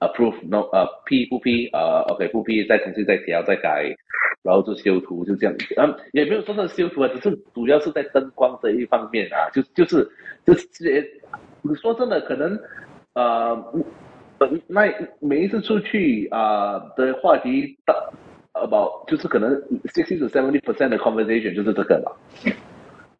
approve、uh, no，啊、uh, p 不批、uh, okay, uh,，啊 OK 不 p 再重新再調再改，然後就修圖就這樣，嗯、um,，也沒有說是修圖啊，只是主要是在燈光這一方面啊，就就是就是，就是、你說真的可能，啊，每每每一次出去啊、uh, 的話題，about 就是可能 sixty to seventy percent 的 conversation 就是這個啦。